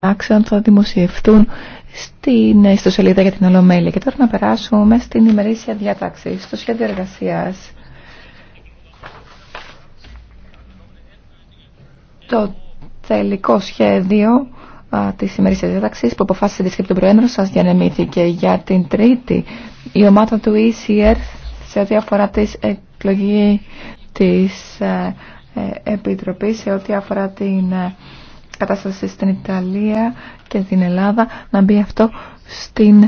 άξιον θα δημοσιευτούν στην ιστοσελίδα για την Ολομέλεια. Και τώρα να περάσουμε στην ημερήσια διάταξη, στο σχέδιο εργασία. Το τελικό σχέδιο α, της ημερήσιας διάταξης που αποφάσισε τη σκέπτη του Προέδρου σας διανεμήθηκε για την Τρίτη. Η ομάδα του ECR σε ό,τι αφορά τη εκλογή της ε, ε, Επιτροπής, σε ό,τι αφορά την... Ε, κατάσταση στην Ιταλία και την Ελλάδα να μπει αυτό στην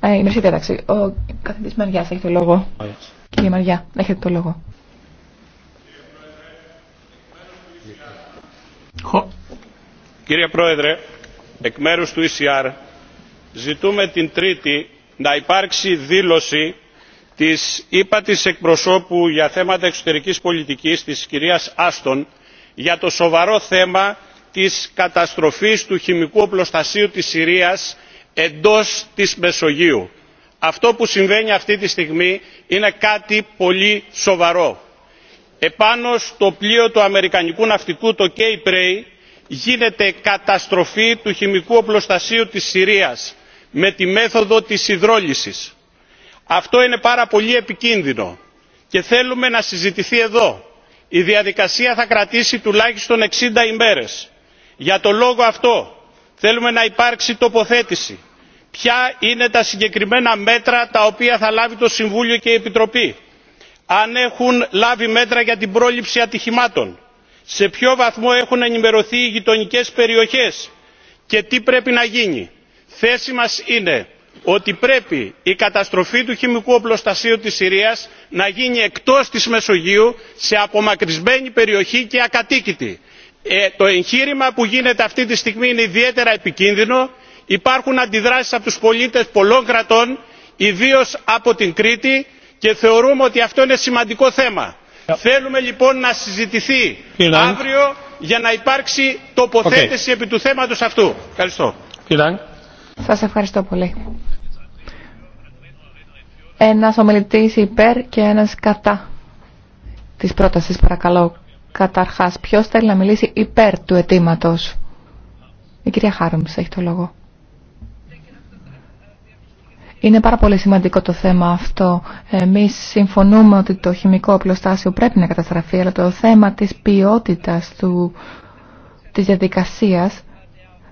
ε, ημερική διάταξη. Ο καθηγητή Μαριά έχει το λόγο. Κύριε Μαριά, έχετε το λόγο. Κύριε Πρόεδρε, εκ μέρους του ECR ζητούμε την Τρίτη να υπάρξει δήλωση της ύπατης εκπροσώπου για θέματα εξωτερικής πολιτικής της κυρίας Άστον για το σοβαρό θέμα της καταστροφής του χημικού οπλοστασίου της συρίας εντός της μεσογείου. αυτό που συμβαίνει αυτή τη στιγμή είναι κάτι πολύ σοβαρό. επάνω στο πλοίο του αμερικανικού ναυτικού το cape ray γίνεται καταστροφή του χημικού οπλοστασίου της συρίας με τη μέθοδο της υδρόλυσης. αυτό είναι πάρα πολύ επικίνδυνο και θέλουμε να συζητηθεί εδώ. η διαδικασία θα κρατήσει τουλάχιστον 60 ημέρες για τον λόγο αυτό θέλουμε να υπάρξει τοποθέτηση ποια είναι τα συγκεκριμένα μέτρα τα οποία θα λάβει το συμβούλιο και η επιτροπή αν έχουν λάβει μέτρα για την πρόληψη ατυχημάτων σε ποιο βαθμό έχουν ενημερωθεί οι γειτονικέ περιοχές και τι πρέπει να γίνει. θέση μας είναι ότι πρέπει η καταστροφή του χημικού οπλοστασίου της συρίας να γίνει εκτός της μεσογείου σε απομακρυσμένη περιοχή και ακατοίκητη ε, το εγχείρημα που γίνεται αυτή τη στιγμή είναι ιδιαίτερα επικίνδυνο υπάρχουν αντιδράσεις από τους πολίτες πολλών κρατών ιδίως από την κρήτη και θεωρούμε ότι αυτό είναι σημαντικό θέμα. Ε, θέλουμε λοιπόν να συζητηθεί αύριο για να υπάρξει τοποθέτηση επί του θέματος αυτού. Ευχαριστώ. Σας ευχαριστώ πολύ. Ένας ομιλητής υπέρ και ένας κατά της πρότασης παρακαλώ. Καταρχάς, ποιος θέλει να μιλήσει υπέρ του αιτήματο. Η κυρία Χάρμς έχει το λόγο. Είναι πάρα πολύ σημαντικό το θέμα αυτό. Εμείς συμφωνούμε ότι το χημικό απλοστάσιο πρέπει να καταστραφεί, αλλά το θέμα της ποιότητας του, της διαδικασίας,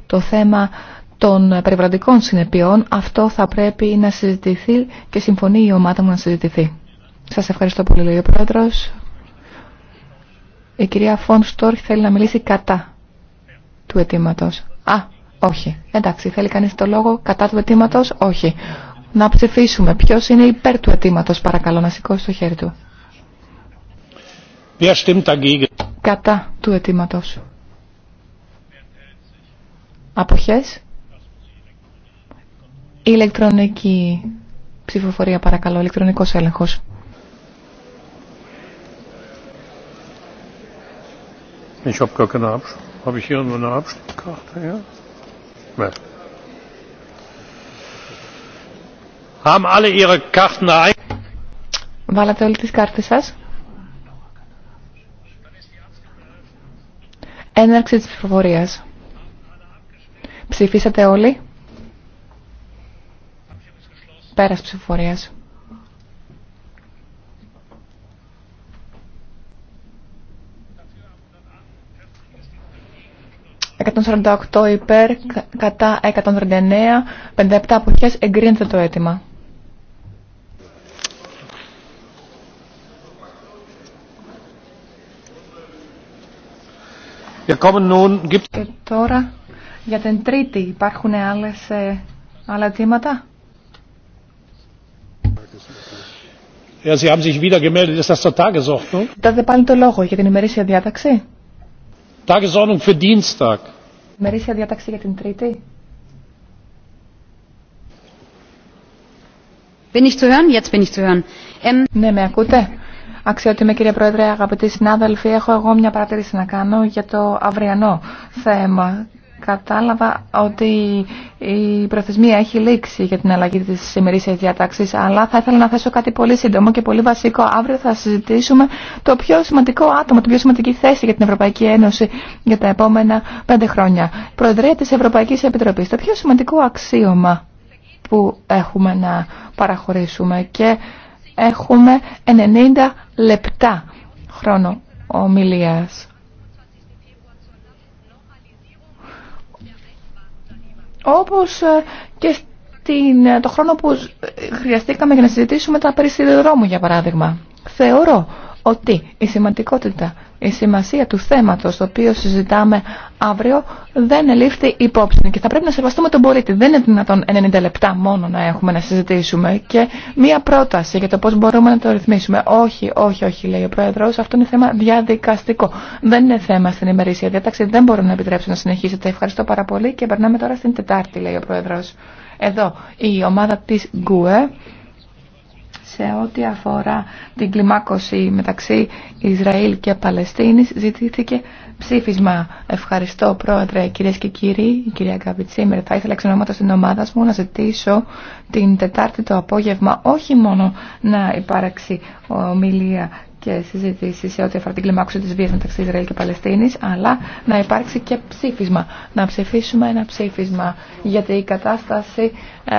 το θέμα των περιβαλλοντικών συνεπειών, αυτό θα πρέπει να συζητηθεί και συμφωνεί η ομάδα μου να συζητηθεί. Σας ευχαριστώ πολύ, λέει ο Πρόεδρος. Η κυρία Φων Στόρχ θέλει να μιλήσει κατά του αιτήματο. Α, όχι. Εντάξει, θέλει κανεί το λόγο κατά του αιτήματο. Όχι. Να ψηφίσουμε. Ποιο είναι υπέρ του αιτήματο, παρακαλώ, να σηκώσει το χέρι του. Κατά του αιτήματο. Αποχές. Ηλεκτρονική ψηφοφορία, παρακαλώ. ηλεκτρονικό έλεγχος. Ich habe gar keine Abstimmung. Habe ich hier nur eine Abstimmkarte? Ja? Haben alle ihre Karten ein? Βάλατε όλοι τις κάρτες σας. Έναρξη της ψηφοφορίας. Ψηφίσατε όλοι. Πέρας ψηφοφορίας. 148 υπέρ, κατά 139, 57 αποχές, εγκρίνεται το αίτημα. Και τώρα για την τρίτη υπάρχουν άλλες, ε, άλλα αιτήματα. Ja, Sie haben sich wieder gemeldet. Ist das zur Tagesordnung? ist πάλι το λόγο για την ημερήσια διάταξη. Tagesordnung für Dienstag. Μερίσια διάταξη για την Τρίτη. Bin ich zu hören? Jetzt bin ich Ναι, με ακούτε. Αξιότιμη κύριε Πρόεδρε, αγαπητοί συνάδελφοι, έχω εγώ μια παρατήρηση να κάνω για το αυριανό θέμα Κατάλαβα ότι η προθεσμία έχει λήξει για την αλλαγή της ημερήσιας διατάξης, αλλά θα ήθελα να θέσω κάτι πολύ σύντομο και πολύ βασικό. Αύριο θα συζητήσουμε το πιο σημαντικό άτομο, την πιο σημαντική θέση για την Ευρωπαϊκή Ένωση για τα επόμενα πέντε χρόνια. Προεδρία της Ευρωπαϊκής Επιτροπής, το πιο σημαντικό αξίωμα που έχουμε να παραχωρήσουμε και έχουμε 90 λεπτά χρόνο ομιλίας. Όπως ε, και στην, ε, το χρόνο που ε, χρειαστήκαμε για να συζητήσουμε τα περί για παράδειγμα. Θεωρώ ότι η σημαντικότητα, η σημασία του θέματος το οποίο συζητάμε αύριο δεν ελήφθη υπόψη και θα πρέπει να σεβαστούμε τον πολίτη. Δεν είναι δυνατόν 90 λεπτά μόνο να έχουμε να συζητήσουμε και μία πρόταση για το πώς μπορούμε να το ρυθμίσουμε. Όχι, όχι, όχι λέει ο Πρόεδρος, αυτό είναι θέμα διαδικαστικό. Δεν είναι θέμα στην ημερήσια διάταξη, δεν μπορούμε να επιτρέψουμε να συνεχίσετε. Ευχαριστώ πάρα πολύ και περνάμε τώρα στην Τετάρτη λέει ο Πρόεδρος. Εδώ η ομάδα της ΓΚΟΕ σε ό,τι αφορά την κλιμάκωση μεταξύ Ισραήλ και Παλαιστίνης ζητήθηκε ψήφισμα. Ευχαριστώ πρόεδρε κυρίες και κύριοι, η κυρία Καβιτσίμερ. Θα ήθελα εξ στην ομάδα μου να ζητήσω την Τετάρτη το απόγευμα όχι μόνο να υπάρξει ομιλία και συζητήσει σε ό,τι αφορά την κλιμάκωση της βίας μεταξύ Ισραήλ και Παλαιστίνης, αλλά να υπάρξει και ψήφισμα, να ψηφίσουμε ένα ψήφισμα, γιατί η κατάσταση ε,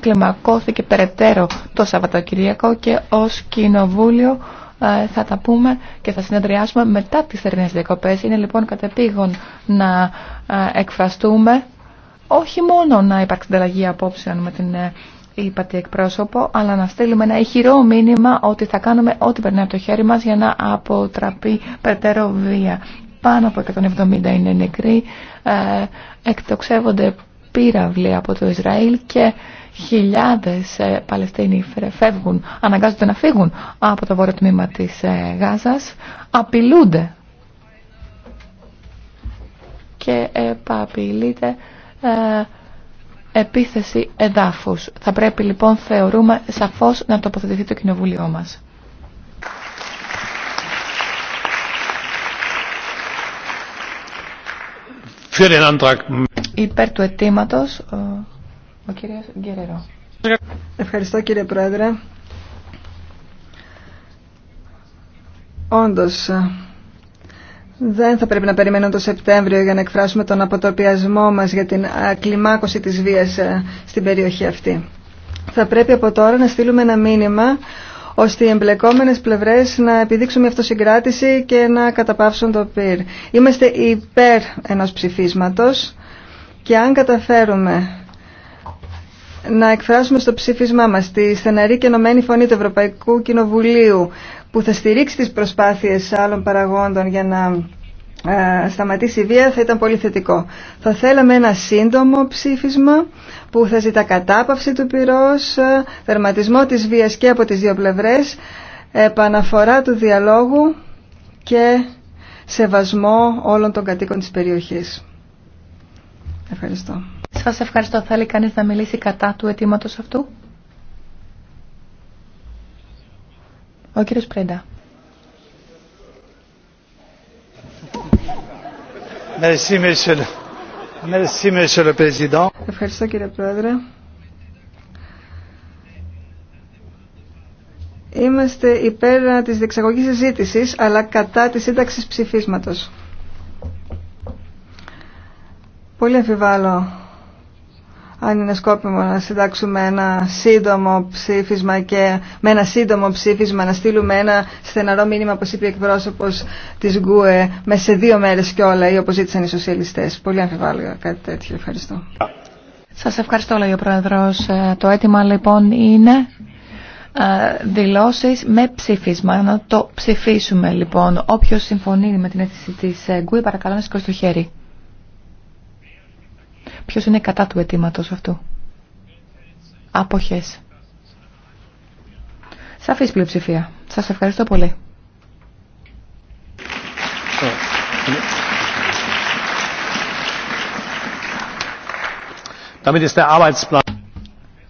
κλιμακώθηκε περαιτέρω το Σαββατοκυριακό και ω Κοινοβούλιο ε, θα τα πούμε και θα συνεδριάσουμε μετά τις θερινέ διακοπέ. Είναι λοιπόν κατεπήγον να ε, εκφραστούμε όχι μόνο να υπάρξει ανταλλαγή απόψεων με την ε, είπατε εκπρόσωπο, αλλά να στείλουμε ένα ηχηρό μήνυμα ότι θα κάνουμε ό,τι περνάει από το χέρι μας για να αποτραπεί περαιτέρω βία. Πάνω από 170 είναι νεκροί, ε, εκτοξεύονται πύραυλοι από το Ισραήλ και χιλιάδες ε, Παλαιστίνοι φεύγουν, αναγκάζονται να φύγουν από το βόρειο τμήμα της ε, Γάζας, απειλούνται και επαπειλείται επίθεση εδάφους. Θα πρέπει λοιπόν θεωρούμε σαφώς να τοποθετηθεί το κοινοβούλιο μας. Υπέρ του αιτήματο, ο, ο κύριος Γκερερό. Ευχαριστώ κύριε Πρόεδρε. Όντως, δεν θα πρέπει να περιμένουμε το Σεπτέμβριο για να εκφράσουμε τον αποτροπιασμό μας για την κλιμάκωση της βίας στην περιοχή αυτή. Θα πρέπει από τώρα να στείλουμε ένα μήνυμα ώστε οι εμπλεκόμενες πλευρές να επιδείξουν μια αυτοσυγκράτηση και να καταπαύσουν το πυρ. Είμαστε υπέρ ενός ψηφίσματος και αν καταφέρουμε να εκφράσουμε στο ψήφισμά μα, τη στεναρή και ενωμένη φωνή του Ευρωπαϊκού Κοινοβουλίου που θα στηρίξει τις προσπάθειες άλλων παραγόντων για να ε, σταματήσει η βία θα ήταν πολύ θετικό. Θα θέλαμε ένα σύντομο ψήφισμα που θα ζητά κατάπαυση του πυρός, θερματισμό ε, της βίας και από τις δύο πλευρές, επαναφορά του διαλόγου και σεβασμό όλων των κατοίκων της περιοχής. Ευχαριστώ. Σας ευχαριστώ. Θέλει κανείς να μιλήσει κατά του αιτήματο αυτού. Ο κύριος Πρέντα. Ευχαριστώ κύριε Πρόεδρε. Είμαστε υπέρ της διεξαγωγής συζήτηση, αλλά κατά της σύνταξης ψηφίσματος. Πολύ αμφιβάλλω αν είναι σκόπιμο να συντάξουμε ένα σύντομο ψήφισμα και με ένα σύντομο ψήφισμα να στείλουμε ένα στεναρό μήνυμα, όπως είπε η εκπρόσωπος της ΓΚΟΕ, μέσα σε δύο μέρες και όλα, ή όπως ζήτησαν οι σοσιαλιστές. Πολύ αμφιβάλλω κάτι τέτοιο. Ευχαριστώ. Σας ευχαριστώ, λέει ο Πρόεδρος. Ε, το αίτημα, λοιπόν, είναι ε, δηλώσεις με ψήφισμα. Να το ψηφίσουμε, λοιπόν. Όποιος συμφωνεί με την αίτηση της ε, ΓΚΟΕ, παρακαλώ να σηκώσει το χέρι. Ποιος είναι κατά του αιτήματο αυτού. Άποχες. Σαφής πλειοψηφία. Σας ευχαριστώ πολύ.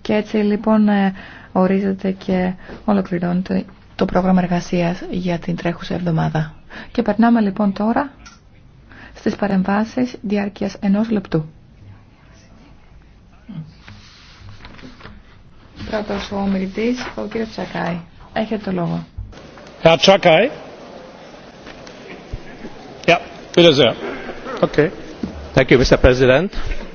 Και έτσι λοιπόν ε, ορίζεται και ολοκληρώνεται το πρόγραμμα εργασίας για την τρέχουσα εβδομάδα. Και περνάμε λοιπόν τώρα στις παρεμβάσεις διάρκειας ενός λεπτού. Πρώτος ο ομιλητής, ο κύριος Τσακάη. Έχετε το λόγο. Herr Τσακάη. Ja, bitte sehr. Okay. Thank you, Mr. President.